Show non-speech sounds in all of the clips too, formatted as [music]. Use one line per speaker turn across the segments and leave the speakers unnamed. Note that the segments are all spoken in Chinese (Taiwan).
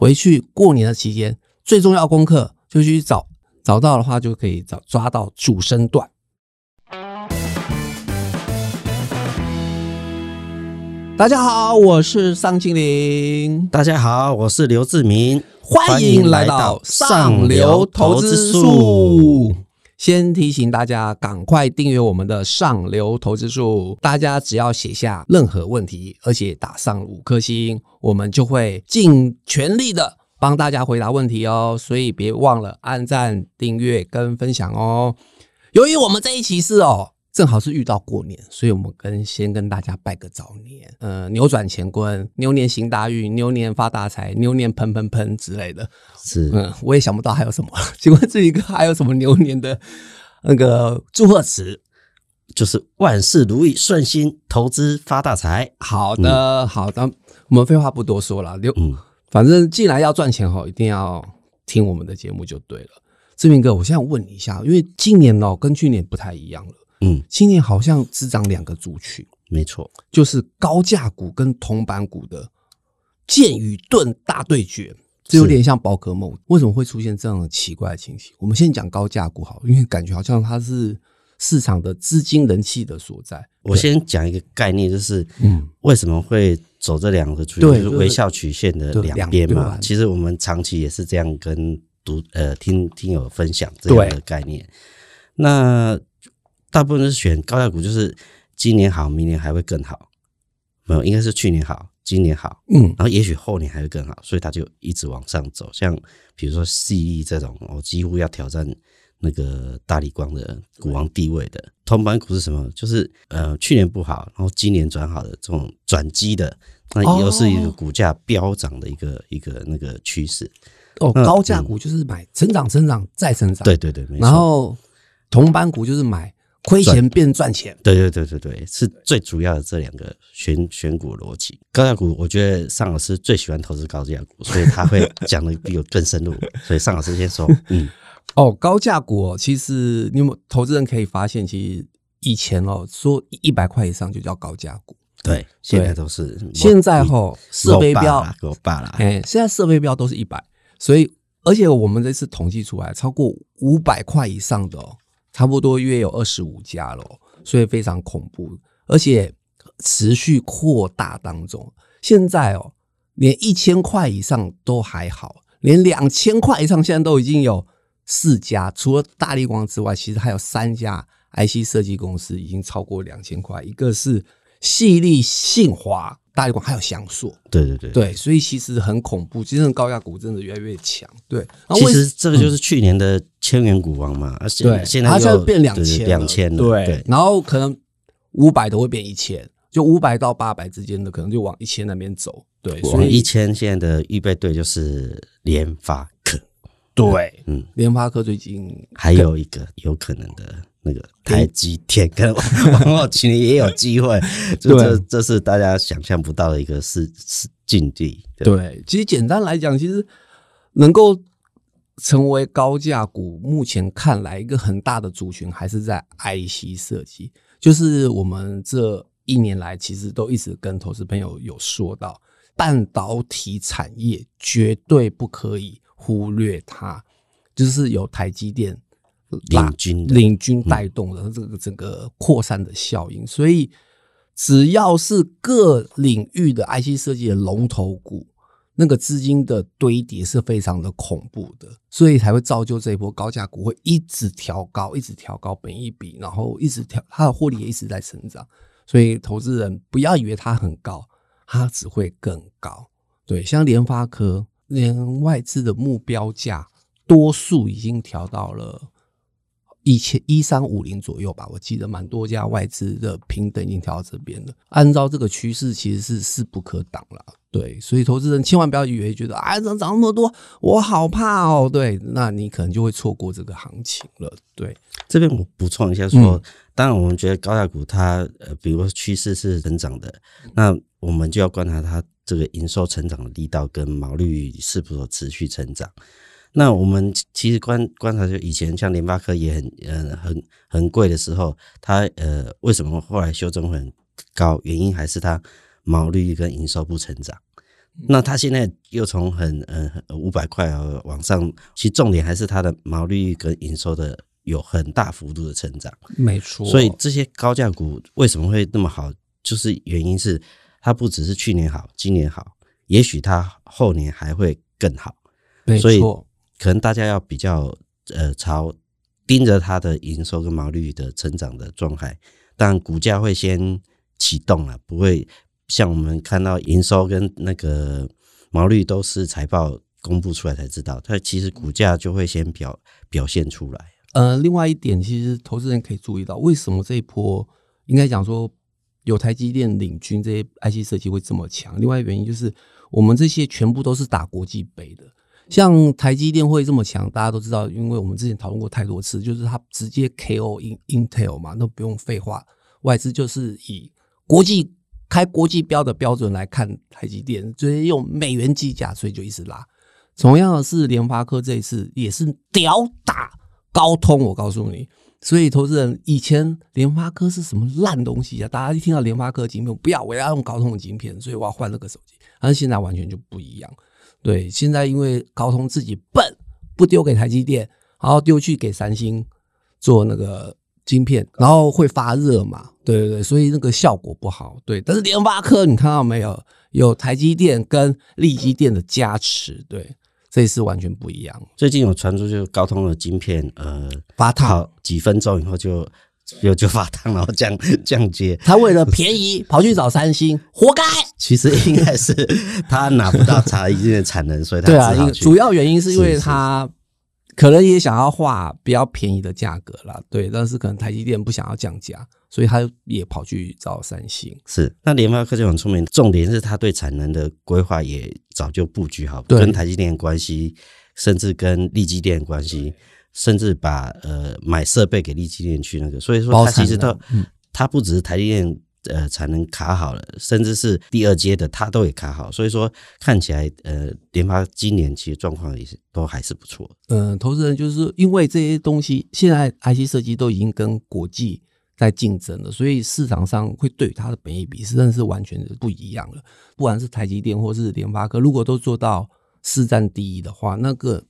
回去過年的期間，最重要功課就去找，找到的話就可以找抓到主升段。大家好，我是尚清林。大家好，我是劉志明。歡迎來到上流投資術。先提醒大家，趕快訂閱我們的上流投資術。大家只要寫下任何問題，而且打上五顆星，我們就會盡全力的幫大家回答問題哦。所以別忘了按讚、訂閱跟分享哦。由於我們這一期是哦。正好是遇到過年，所以我們跟先跟大家拜個早年，呃、嗯，扭轉乾坤，牛年行大運，牛年發大財，牛年噴噴噴之類的，是，嗯，我也想不到還有什麼。請問這一個還有什麼牛年的那個祝賀詞？就是萬事如意，順心，投資發大財。好的，嗯、好的，我們廢話不多說了，就，嗯、反正既然要賺錢吼，一定要聽我們的節目就對了。志明哥，我現在問你一下，因為今年哦跟去年不太一樣了。嗯，今年好像只漲兩個族群，沒錯錯，就是高價股跟銅板股的劍與盾大對決，這有點像寶可夢。是為什麼會出現這樣的奇怪的情形？我們先講高價股好了，因為感覺好像它是市場的資金人氣的所在。我先講一個概
念，就是嗯，對為什麼會走這兩個曲線，就是微笑曲線的兩邊嘛。對其實我們長期也是這樣跟讀呃、聽聽友分享這樣的概念。對那大部分是選高價股，就是今年好，明年還會更好。沒有，應該是去年好，今年好，嗯，然後也許後年還會更好，所以它就一直往上走。像比如說細 e 這種，我幾乎要挑戰那個大立光的股王地位的銅板股。是什麼？就是呃，去年不好，然後今年轉好的這種轉機的，那又是一個股價飆漲的一個一個那個趨勢。
哦，高價股就是買成長、成長再成長，對對對，沒錯。然後銅板股就是買。虧錢變賺錢
賺，對對對對對，是最主要的這兩個選選股的邏輯。高價股，我覺得上老師最喜歡投資高價股，所以他會講的比較更深入。 [laughs] 所以上老師先說，嗯，
哦，高價股、喔，其實你有，沒有投資人可以發現，其實以前哦、喔，說一百塊以上就叫高價股，對，對現在都是對現在哦、喔，設備標給我罷了，哎、欸，現在設備標都是一百，所以而且我們這次統計出來，超過五百塊以上的、喔。差不多約有二十五家了，所以非常恐怖，而且持續擴大當中。現在哦，連一千塊以上都還好，連兩千塊以上現在都已經有四家，除了大立光之外，其實還有三家 IC 設計公司已經超過兩千塊，一個是。細粒信驊，大立光，還有祥碩，對對對,對所以其實很恐怖，真正高價股真的越來越強，對。然後其實這個就是
去年的千元股王嘛，且、嗯啊、現在它、啊、現在變兩千，兩千對。對對
然後可能五百都會變一千，就五百到八百之間的，可能就往一千那邊走，對。所以一
千現在的預備隊就是聯發科，對，嗯，
聯、嗯、發科最近
還有一個有可能的。那個台積電以跟
王王鶴也有機會， [laughs] 就這這對這是大家想象不到的一個
是是境地。對，對，
其實簡單來講，其實能夠成為高價股，目前看來一個很大的族群還是在 IC 設計，就是我們這一年來其實都一直跟投資朋友有說到，半導體產業絕對不可以忽略它，就是有台積電。領軍領軍帶動的這個整個擴散的效應，所以只要是各領域的 IC 設計的龍頭股，那個資金的堆疊是非常的恐怖的，所以才會造就這一波高價股會一直調高，一直調高，本益比，然後一直調它的獲利也一直在成長，所以投資人不要以為它很高，它只會更高。對，像聯發科連外資的目標價多數已經調到了。一千一三五零左右吧，我記得蠻多家外資的平等已經調到這邊了。按照這個趨勢，其實是勢不可擋了。對，所以投資人千萬不要以為覺得，哎，怎麼漲那麼多，我好怕哦、喔。對，那你可能就會錯過這個行情了。對，這邊我
補充一下說，嗯、當然我們覺得高價股它，呃，比如說趨勢是成長的，那我們就要觀察它這個營收成長的力道跟毛利率是否持續成長。那我們其實觀觀察，就以前像聯發科也很嗯、呃、很很貴的時候，它呃為什麼後來修正很高？原因還是它毛利率跟營收不成長。那它現在又從很呃五百塊啊往上，其實重點還是它的毛利率跟營收的有很大幅度的成長。沒錯，所以這些高價股為什麼會那麼好？就是原因是它不只是去年好，今年好，也許它後年還會更好。沒錯。所以可能大家要比較呃，朝盯着它的營收跟毛利率的成長的狀態，但股價會先啟動了，不會像我們看到營收跟那個毛利率都是財報公布出來才知道，它其實股價就會先表表現出來。
呃，另外一點，其實投資人可以注意到，為什麼這一波應該講說有台積電領軍這些 IC 設計會這麼強？另外一原因就是我們這些全部都是打國際杯的。像台積電會這麼強，大家都知道，因為我們之前討論過太多次，就是它直接 KO Intel 嘛，那不用廢話，外資就是以國際開國際標的標準來看台積電，直接用美元計價，所以就一直拉。同樣的是聯發科這一次也是屌打高通，我告訴你，所以投資人以前聯發科是什麼爛東西啊？大家一聽到聯發科的晶片，不要，我要用高通的晶片，所以我要換那個手機。但現在完全就不一樣。對，現在因為高通自己笨，不丟給台積電，然後丟去給三星做那個晶片，然後會發熱嘛？對對對，所以那個效果不好。對，但是聯發科你看到沒有？有台積電跟力積電的加持，對，這一次完全不一樣。最近有傳出就是高通的晶片，呃，發燙
幾分鐘以後就又就發燙，然後降降階。
他為了便宜跑去找三星，活該。其實應該是他拿不到
台積電的產能，
所以他 [laughs] 對啊，主要原因是因為他可能也想要花比較便宜的價格啦，對，但是可能台積電不想要降價，所以他也跑去找三星。
是，那聯發科就很聰明，重點是他對產能的規劃也早就布局好，對跟台積電關係，甚至跟力積電關係，甚至把呃買設備給力積電去那個，所以說他其實他、啊嗯、他不只是台積電。呃，才能卡好了，甚至是第二階的，他都也卡好，所以說看起來，呃，聯發今年其實狀況也是都還是不錯。嗯，
投資人就是因為這些東西，現在 IC 設計都已經跟國際在競爭了，所以市場上會對它的本益比實在是完全是不一樣了。不管是台積電或是聯發科，如果都做到市占第一的話，那個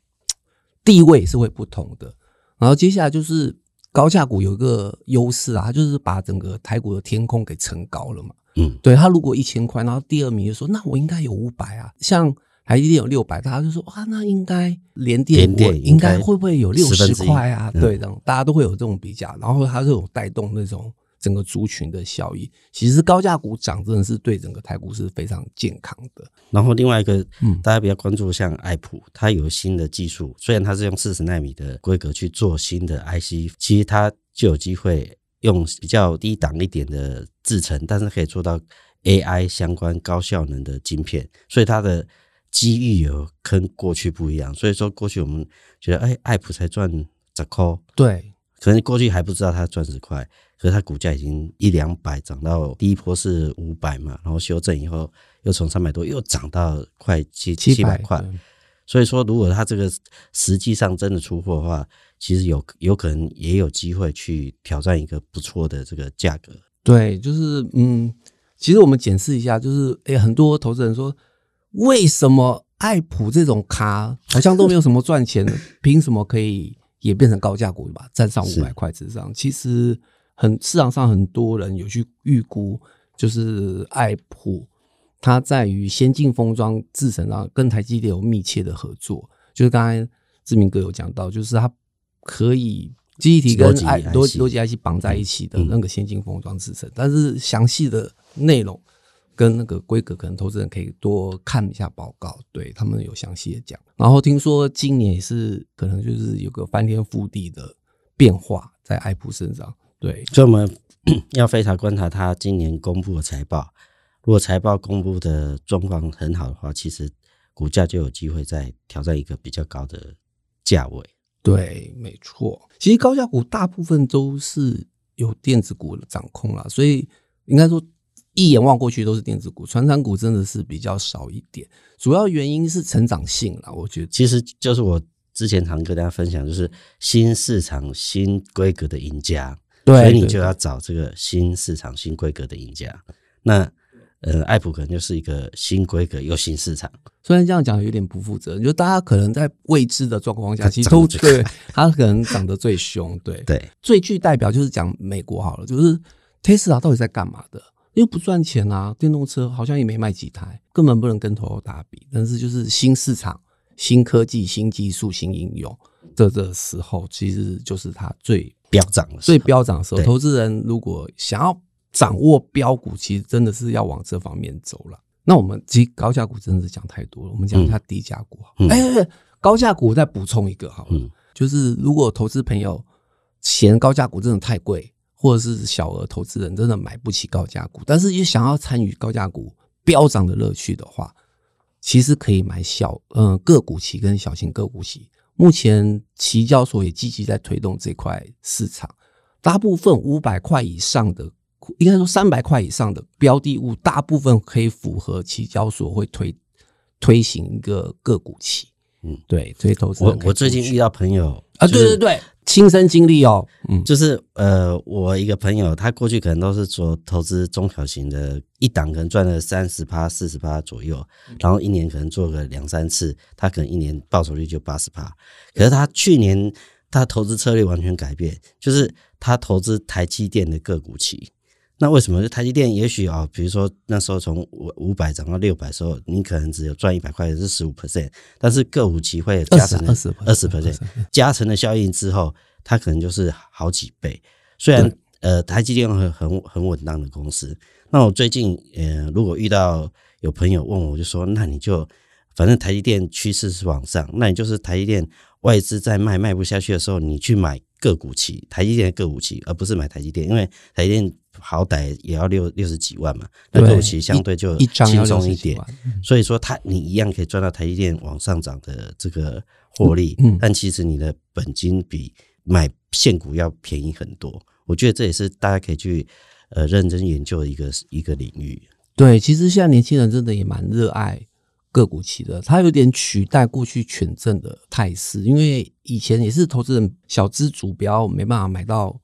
地位是會不同的。然後接下來就是。高價股有一個優勢啊，它就是把整個台股的天空給撐高了嘛。嗯，對，它如果一千塊，然後第二名就說，那我應該有五百啊，像台積電有六百，大家就說哇，那應該聯電，連電應該我應該會不會有六十塊啊？嗯、對，這樣大家都會有這種比價，然後它是有帶動那種。整個族群的效益，其實高價股漲真的是對整個台股是非常健康的。然後另外一個，嗯，大家比較關注像
愛普，它有新的技術，雖然它是用四十納米的規格去做新的 IC，其實它就有機會用比較低檔一點的製程，但是可以做到 AI 相關高效能的晶片，所以它的機遇有跟過去不一樣。所以說過去我們覺得，哎，愛普才賺十塊，對。可能過去還不知道它賺十塊，可是它股價已經一兩百漲到第一波是五百嘛，然後修正以後又從三百多又漲到快七七百塊，百，所以說，如果它這個實際上真的出貨的話，其實有有可能也有機會去挑戰一個不錯的這個價格。
對，就是嗯，其實我們檢視一下，就是誒、欸、很多投資人說，為什麼愛普這種卡好像都沒有什麼賺錢的，憑 [laughs] 什麼可以？也變成高價股吧？站上五百塊之上。是其實很市場上很多人有去預估，就是愛普，它在於先進封裝制成啊，跟台積電有密切的合作。就是剛才志明哥有講到，就是它可以基體跟愛多多輯 IC 綁在一起的那個先進封裝制成，但是詳細的內容。跟那個規格，可能投資人可以多看一下報告，對他們有詳細的講。然後聽說今年是可能就是有個翻天覆地的變化在愛普身上，對，所以我們
要非常觀察他今年公布的財報。如果財報公布的狀況很好的話，其實股價就有機會再挑戰一個比較高的
價位。對，沒錯，其實高價股大部分都是有電子股的掌控了，所以應該說。一眼望過去都是電子股，傳產股真的是比較少一點。主要原因是成長性啦，我覺得其實就是我之前常跟大家分享，就是新市場新規
格的贏家，嗯、所以你就要找這個新市場新規格的贏家。對對對。那
呃、嗯，艾普可能就是一個新規格又新市場。雖然這樣講有點不負責任，你就大家可能在未知的狀況下，其實都對他可能長得最凶。對 [laughs] 對，最具代表就是講美國好了，就是 Tesla 到底在幹嘛的？又不賺錢啊！電動車好像也沒賣幾台，根本不能跟特斯拉比。但是就是新市場、新科技、新技術、新應用，這這時候其實就是它最飆漲的時候、對最飆漲的時候。投資人如果想要掌握飆股，其實真的是要往這方面走了。那我們其實高價股真的是講太多了，我們講一下低價股。嗯、哎對對，高價股我再補充一個哈，嗯、就是如果投資朋友嫌高價股真的太貴。或者是小額投資人真的買不起高價股，但是又想要參與高價股飆漲的樂趣的話，其實可以買小嗯、呃、個股期跟小型個股期。目前期交所也積極在推動這塊市場，大部分五百塊以上的，應該說三百塊以上的標的物，大部分可以符合期交所會推推行一個個股期。嗯，對，推投資。我我
最近遇到朋友，啊，對對對。
就是親身經歷哦，嗯，
就是呃，我一個朋友，他過去可能都是做投資中小型的，一檔可能賺了三十趴、四十趴左右，然後一年可能做個兩三次，他可能一年報酬率就八十趴。可是他去年他投資策略完全改變，就是他投資台積電的個股期。那為什麼台積電也許啊？比如說那時候從五五百漲到六百的時候，你可能只有賺一百塊，是十五 percent，但是個股期會加成二十 percent，加成的效應之後，它可能就是好幾倍。雖然呃，台積電很很很穩當的公司。那我最近呃，如果遇到有朋友問我，就說，那你就反正台積電趨勢是往上，那你就是台積電外資在賣賣不下去的時候，你去買個股期，台積電的個股期，而不是買台積電，因為台積電。好歹也要六六十幾萬嘛，對那個股其實相對就輕鬆一點，一、一張要六十幾萬、嗯、所以說它你一樣可以賺到台積電往上漲的這個獲利，嗯嗯、但其實你的本金比買現股要便宜很多。我覺得這也是大家可以去呃認真研究的一個一個領域。
對，其實現在年輕人真的也蠻熱愛個股期的，它有點取代過去權證的態勢，因為以前也是投資人小資主標沒辦法買到。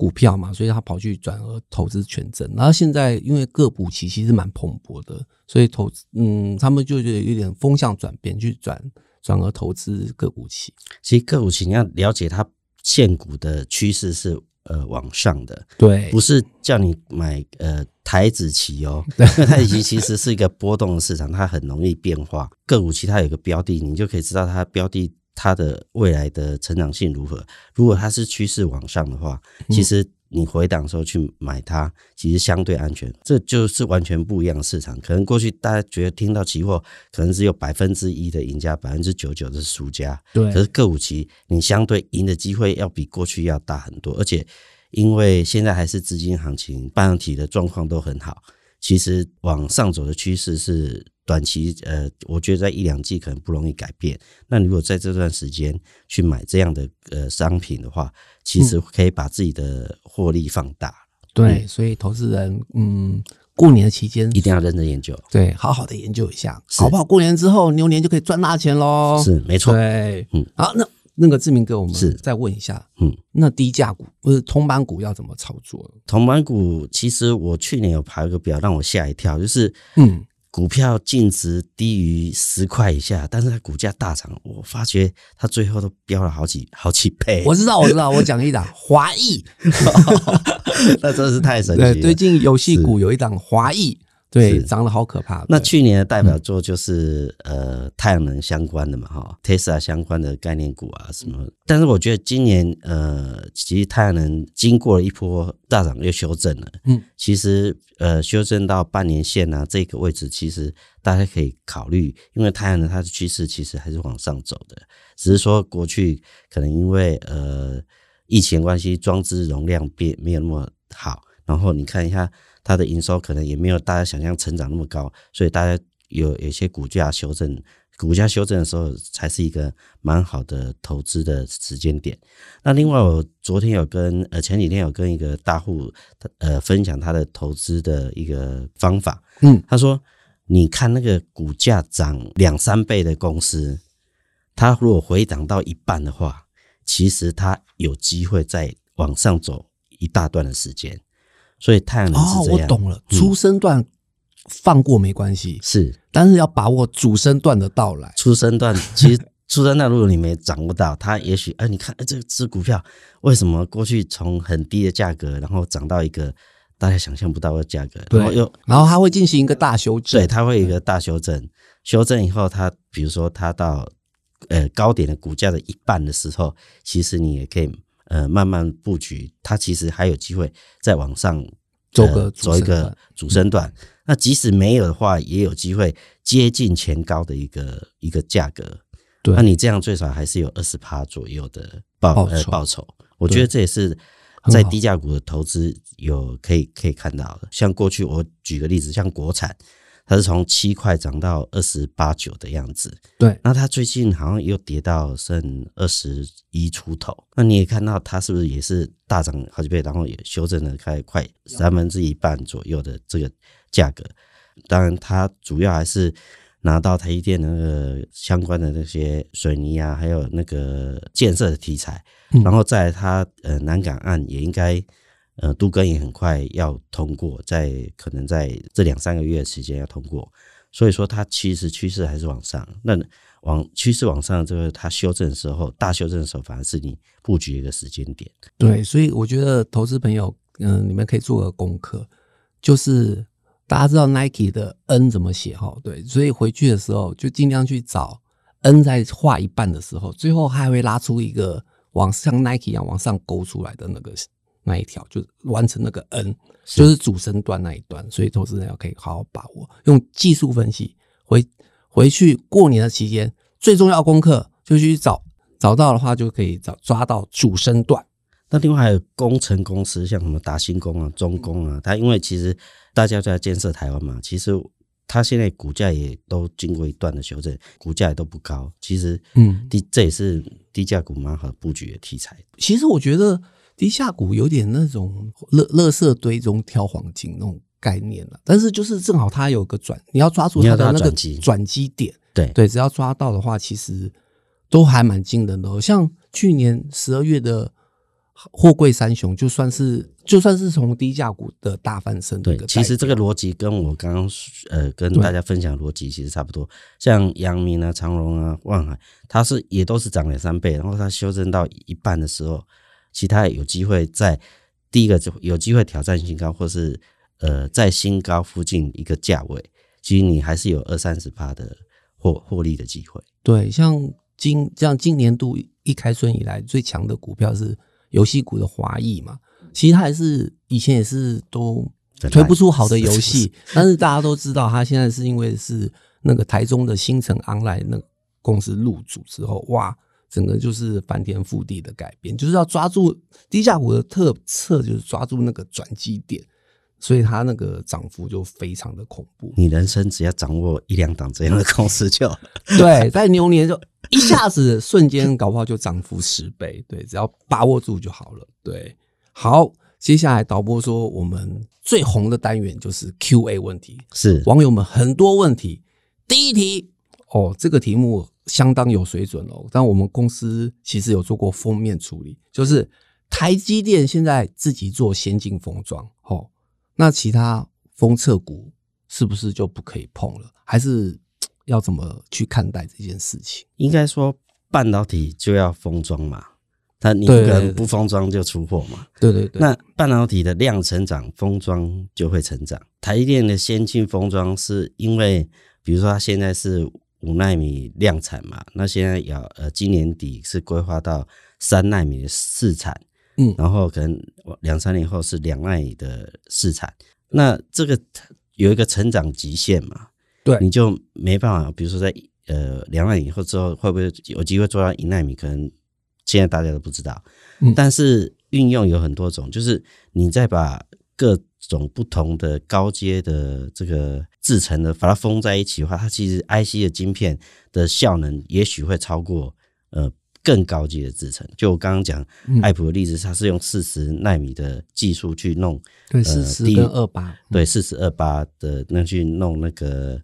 股票嘛，所以他跑去轉而投資權證，然後現在因為個股期其實蠻蓬勃的，所以投嗯，他們就覺得有點風向轉變，去轉轉而投資個股期。其實個股期你要了解它現股的趨勢
是呃往上的，對，不是叫你買呃台指期哦，台指期、哦、對其實是一個波動的市場，它很容易變化。個股期它有個標的，你就可以知道它的標的。它的未來的成長性如何？如果它是趨勢往上的話，其實你回檔時候去買它，嗯、其實相對安全。這就是完全不一樣的市場。可能過去大家覺得聽到期貨，可能是有百分之一的贏家，百分之九十九是輸家。對可是個股期，你相對贏的機會要比過去要大很多。而且，因為現在還是資金行情、半導體的狀況都很好，其實往上走的趨勢是。短期呃，我覺得在一兩季可能不容易改變。那如果在這段時間去買這樣的呃商品的話，其實可以把自己的獲利放大。
嗯、對，嗯、所以投資人嗯，過年的期間一定要認真研究，對，好好的研究一下，好是不好？過年之後牛年就可以賺大錢嘍。是沒錯，對，嗯。好，那那個志明哥，我們是再問一下，嗯，那低價股或是銅板股要怎麼操作？
銅板股其實我去年有排個表，讓我嚇一跳，就是嗯。股票淨值低於十塊以下，但是它股價大漲，我發覺它最後都飆了好幾好幾倍。我知道，我知道，我講
一檔華 [laughs] 裔，那 [laughs] [laughs] [laughs] 真是太神奇。對，最近遊戲股有一檔華是裔。對，漲是得好可怕。那
去年的代表作就是呃太陽能相關的嘛，哈，Tesla、嗯、相關的概念股啊什麼。但是我覺得今年呃，其實太陽能經過了一波大漲又修正了，嗯，其實呃修正到半年線啊這個位置，其實大家可以考慮，因為太陽能它的趨勢其實還是往上走的，只是說過去可能因為呃疫情關係，裝置容量變沒有那麼好。然後你看一下它的營收，可能也沒有大家想象成長那麼高，所以大家有有些股價修正，股價修正的時候才是一個蠻好的投資的時間點。那另外，我昨天有跟呃前幾天有跟一個大戶呃分享他的投資的一個方法，嗯，他說你看那個股價漲兩三倍的公司，它如果回漲到一半的話，其實它有機會再往上走一大段的時間。所以太難了。哦，我懂了。嗯、初升段放過沒關係，是，但是要把握主升段的到來。初升段其實初升段，如果你沒掌握到，它 [laughs] 也許，哎，你看哎，這隻股票為什麼過去從很低的價格，然後漲到一個大家想象不到的價格，對然後又然後它會進行一個大修正，對，它會有一個大修正，修正以後他，它比如說它到呃高點的股價的一半的時候，其實你也可以。呃，慢慢布局，它其實還有機會再往上走走，呃、一個主升段。嗯、那即使沒有的話，也有機會接近前高的一個一個價格。對，那你這樣最少還是有二十趴左右的報呃報酬。我覺得這也是在低價股的投資有可以可以看到的。好像過去我舉個例子，像國產。它是從七塊漲到二十八九的樣子，對。那它最近好像又跌到剩二十一出頭。那你也看到它是不是也是大漲好幾倍，然後也修正了開快三分之一半左右的這個價格。當然，它主要還是拿到台積電那個相關的那些水泥啊，還有那個建設的題材，嗯、然後在它呃南港岸也應該。呃，都更也很快要通過，在可能在這兩三個月的時間要通過，所以說它其實趨勢還是往上。那往趨勢往上，這個它修正的時候，大修正的時候，反而是你布局一個時間點。
對，對，所以我覺得投資朋友，嗯、呃，你們可以做個功課，就是大家知道 Nike 的 N 怎麼寫哈？對，所以回去的時候就儘量去找 N 在畫一半的時候，最後還會拉出一個往像 Nike 一樣往上勾出來的那個。那一條就是完成那個 N，就是主升段那一段，是所以投資人要可以好好把握，用技術分析回回去過年的期間，最重要功課就去找找到的話，就可以找抓到主升段。那另外還有
工程公司，像什麼達新工啊、中工啊，它因為其實大家都在建設台灣嘛，其實它現在股價也都經過一段的修正，股價也都不高。其實嗯，
低這也是低價股蠻好佈局的題材。嗯、其實我覺得。低價股有點那種垃圾堆中挑黃金那種概念了，啊，但是就是正好它有個轉，你要抓住它的那個轉機點，對對，只要抓到的話，其實都還蠻驚人的哦。的像去年十二月的貨櫃三雄就，就算是就算是從低價股的大翻身，對，其實
這個邏輯跟我剛剛呃跟大家分享邏輯其實差不多，對像陽明啊、長榮啊、萬海，它是也都是漲了三倍，然後它修正到一半的時候。其他有機會在第一個就有機會挑戰新高，或是呃在新高附近一個價位，其實你還是有二三十趴的獲獲利的機會。
對，像今像今年度一開春以來最強的股票是遊戲股的華義嘛，其實它還是以前也是都推不出好的遊戲，是是是是，但是大家都知道它現在是因為是那個台中的新城 Online 那個公司入主之後，哇！整個就是翻天覆地的改變，就是要抓住低價股的特色，就是抓住那個轉機點，所以它那個漲幅就非常的恐怖。你人生只要掌握一兩檔這樣的公司就 [laughs] 對，在牛年就一下子瞬間，搞不好就漲幅十倍。對，只要把握住就好了。對，好，接下來導播說我們最紅的單元就是 Q&A 問題，是網友們很多問題。第一題，哦，這個題目。相當有水準哦、喔，但我們公司其實有做過封面處理，就是台積電現在自己做先進封裝，齁，那其他封測股是不是就不可以碰了？還是要怎麼去看待這件事情？應該
說半導體就要封裝嘛，它你不可能不封裝就出貨嘛。對對對，那半導體的量成長，封裝就會成長。台積電的先進封裝是因為，比如說它現在是。五奈米量產嘛，那現在要呃，今年底是規劃到三奈米的試產，嗯，然後可能兩三年後是兩奈米的試產。那這個有一個成長極限嘛？對，你就沒辦法，比如說在呃兩奈米以後之後，會不會有機會做到一奈米？可能現在大家都不知道。嗯，但是運用有很多種，就是你再把各種不同的高階的這個。製程的，把它封在一起的話，它其實 IC 的晶片的效能也許會超過呃更高級的製程，就我剛剛講，嗯、艾普的例子，它是用四十奈米的技術去弄，對，四十跟二八，的 28, 對，四十二八的那去弄那個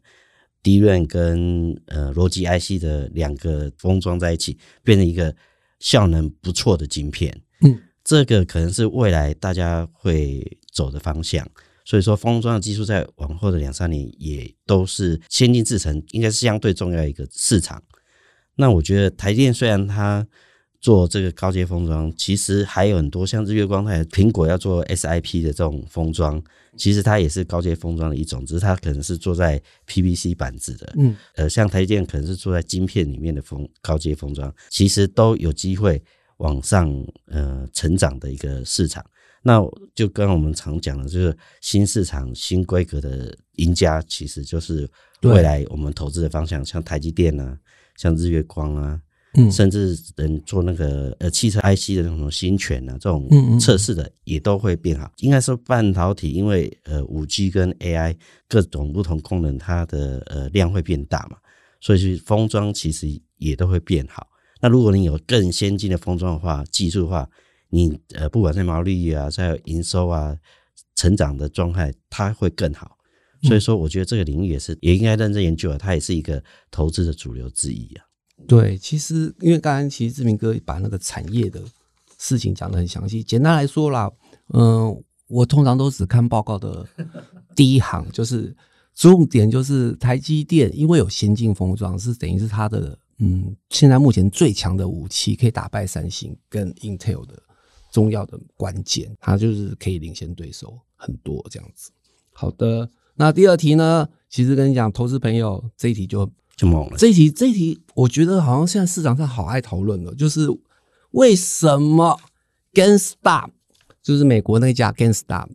DRAM 跟呃邏輯 IC 的兩個封裝在一起，變成一個效能不錯的晶片。嗯，這個可能是未來大家會走的方向。所以說，封裝的技術，在往後的兩三年也都是先進製程，應該是相對重要的一個市場。那我覺得台電雖然它做這個高階封裝，其實還有很多像日月光，台，蘋果要做 SIP 的這種封裝，其實它也是高階封裝的一種，只是它可能是做在 PVC 板子的，嗯，呃，像台電可能是做在晶片裡面的封高階封裝，其實都有機會往上呃成長的一個市場。那就跟我們常講的，就是新市場、新規格的贏家，其實就是未來我們投資的方向，像台積電啊，像日月光啊，甚至能做那個呃汽車 IC 的那種欣銓啊，這種測試的也都會變好。應該說半導體，因為呃 5G 跟 AI 各種不同功能，它的呃量會變大嘛，所以封裝其實也都會變好。那如果你有更先進的封裝的話，技術的話。你呃，不管在毛利啊，在營收啊，成長的狀態，它會更好。所以說，我覺得這個領域也是，也應該認真研究啊。它也是一個投資的主流之一啊。
對，其實因為剛剛其實志明哥把那個產業的事情講得很詳細。簡單來說啦，嗯、呃，我通常都只看報告的第一行，就是重點就是台積電，因為有先進封裝是等於是它的嗯，現在目前最強的武器，可以打敗三星跟 Intel 的。重要的關鍵，它就是可以領先對手很多這樣子。好的，那第二題呢？其實跟你講，投資朋友這一題就就懵了。這一題，這一題，我覺得好像現在市場上好愛討論的就是為什麼 GameStop，就是美國那家 GameStop，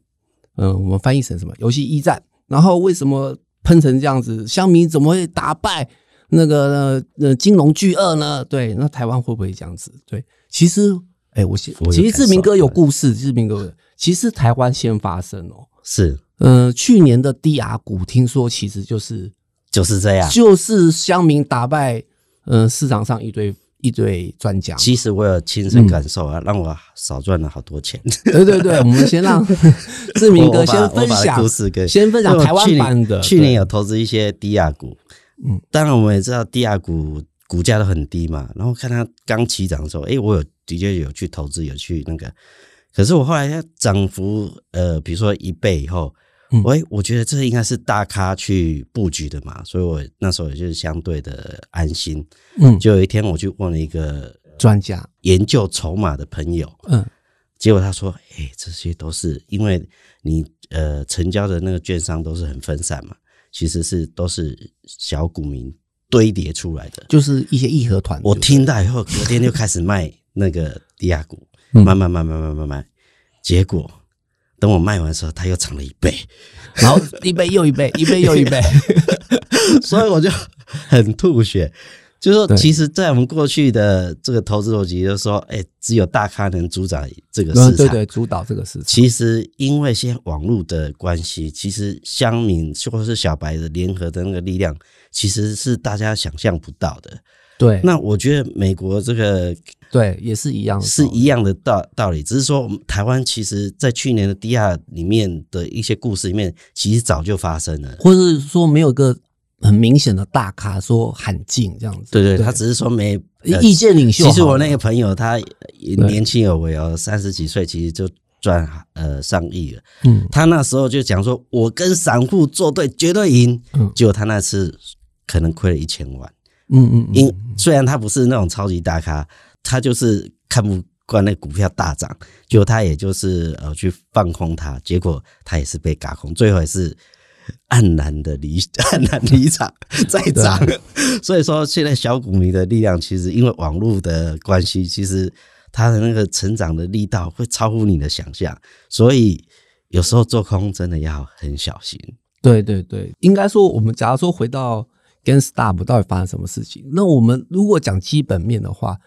嗯、呃，我們翻譯成什麼遊戲驛站，然後為什麼噴成這樣子？鄉民怎麼會打敗那個呃金融巨鱷呢？對，那台灣會不會這樣子？對，其實。哎、欸，我先，其實志明哥有故事，志明哥，其實台灣先發生哦、喔，是，嗯、呃，去年的 DR 股，聽說其實就是
就是這樣，就
是鄉民打敗，嗯、呃、市場上一堆一堆專家。其實我有親身感受啊，嗯、讓我少賺了好多錢。對對對，我們先讓 [laughs] 志明哥先分享我把我把故事，跟先分享台灣版的。去年,對去年有
投資一些 DR 股，嗯，當然我們也知道 DR 股股價都很低嘛，然後看它剛起漲的時候，哎、欸，我有。的確有去投資，有去那個，可是我後來漲幅，呃，比如說一倍以後，嗯、我覺得這應該是大咖去布局的嘛，所以我那時候也就是相對的安心。嗯，就有一天我去問了一個專家研究籌碼的朋友，嗯，結果他說，哎、欸，這些都是因為你呃成交的那個券商都是很分散嘛，其實是都是小股民堆疊出來的，就是一些義和團。就是、我聽到以後，隔天就開始賣。 [laughs] 那個低價股，慢慢慢慢慢慢慢，結果等我賣完的時候，它又漲了一倍，嗯、然後
一倍又一倍， [laughs] 一倍又一倍，
[laughs] 所以我就很吐血。 [laughs] 就是說，其實，在我們過去的這個投資邏輯，就是說，哎、欸，只有大咖能主宰這個市場，嗯、對對，主導這個市場。其實，因為一些網絡的關係，其實鄉民或者是小白的聯合的那個力量，其實是大家想象不到的。對，那我覺得美國這個對也是一樣，是一樣的道理樣的道理，只是說我們台灣其實在去年的 DR 裡面的一些故事裡面，其實早就發生了，
或者是說沒有一個很明顯的大咖說喊進這樣子，對對，對，
他只是說沒對、呃、意見領袖。其實我那個朋友他也年輕有為哦、喔，三十對幾歲其實就賺呃上億了，嗯，他那時候就講說，我跟散戶作對絕對贏，嗯，結果他那次可能虧了一千萬。嗯嗯，嗯，雖然他不是那種超級大咖，他就是看不慣那股票大漲，就他也就是呃去放空它，結果他也是被軋空，最後也是黯然的離黯然離場在。再漲、 [laughs] 啊，所以說現在小股民的力量，其實因為網絡的關係，其實他的那個成長的力道會超乎你的想
象，所以有時候做空真的要很小心。對對對，應該說我們假如說回到。GameStop 到底發生什麼事情？那我們如果講基本面的話，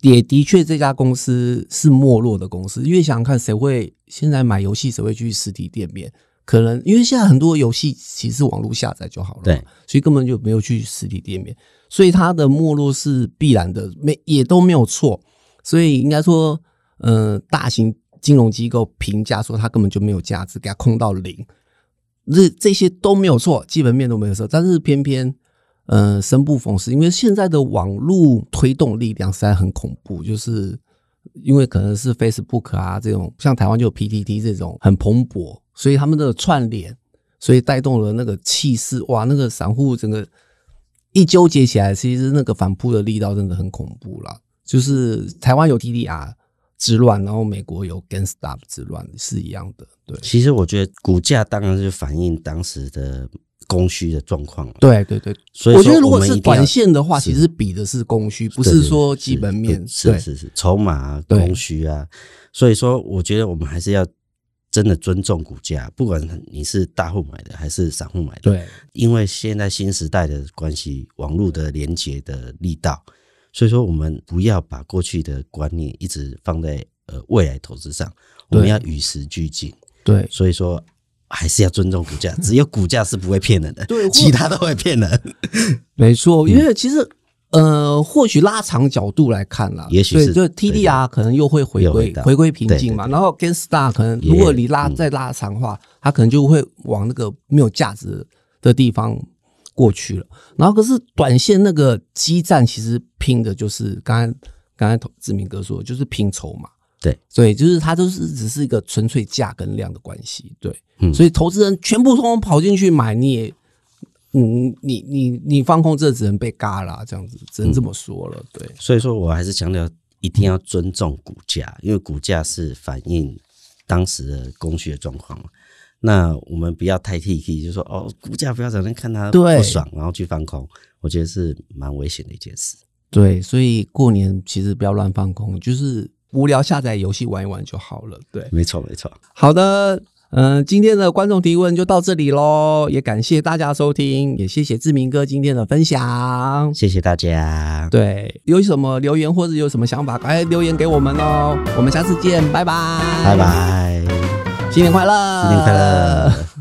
也的確這家公司是沒落的公司。因為想想看，誰會現在買遊戲？誰會去實體店面？可能因為現在很多遊戲其實網絡下載就好了嘛，對，所以根本就沒有去實體店面，所以它的沒落是必然的，沒也都沒有錯。所以應該說，嗯、呃，大型金融機構評價說它根本就沒有價值，給它空到零。這這些都沒有錯，基本面都沒有錯，但是偏偏，呃，生不逢時，因為現在的網絡推動力量實在很恐怖，就是因為可能是 Facebook 啊這種，像台灣就有 PTT 這種很蓬勃，所以他們的串聯，所以帶動了那個氣勢，哇，那個散戶整個一糾結起來，其實那個反撲的力道真的很恐怖啦，就是台灣有 TDR。之亂，然後美國有 GameStop 之亂是一樣的，
對。其實我覺得股價當然是反映當時的供需的狀況。對對對。所以說我覺得如果是短線的話，是其實
比的是供需，不是說基本面，是是是，籌碼啊，供
需啊。對所以說，我覺得我們還是要真的尊重股價，不管你是大戶買的還是散戶買的，對。因為現在新時代的關係，網絡的連接的力道。所以說，我們不要把過去的觀念一直放在呃未來投資上，我們要與時俱進。對，所以說還是要尊重股價，只有股價是不會騙人的，對，其他都會騙人。
沒錯，因為其實呃，或許拉長角度來看了，也許是，對，就 TDR 可能又會回歸回歸平靜嘛，然後 GameStar 可能，如果你拉再拉長的話，它可能就會往那個沒有價值的地方。過去了，然後可是短線那個激戰其實拼的就是剛剛剛才志明哥說的，就是拼籌碼，對，所以就是它就是只是一個純粹價跟量的關係，對，嗯，所以投資人全部通通跑進去買你也，嗯，你你你，你放空這只能被嘎啦，這樣子只能這麼說了，嗯，
對。所以說我還是強調一定要尊重股價，因為股價是反映當時的供需的狀況。那我們不要太 T K，就是說哦，股價不要整天看他不爽，
對然後去放空，我覺得是蠻危險的一件事。對，所以過年其實不要亂放空，就是無聊下載遊戲玩一玩就好了。
對，沒錯沒錯。
好的，嗯、呃，今天的觀眾提問就到這裡嘍，也感謝大家的收聽，也謝謝志明哥今天的分享，
謝謝大家。對，
有什麼留言或者有什麼想法，趕快留言給我們哦。我們下次見，拜拜，拜
拜。
新年快樂！新年快樂！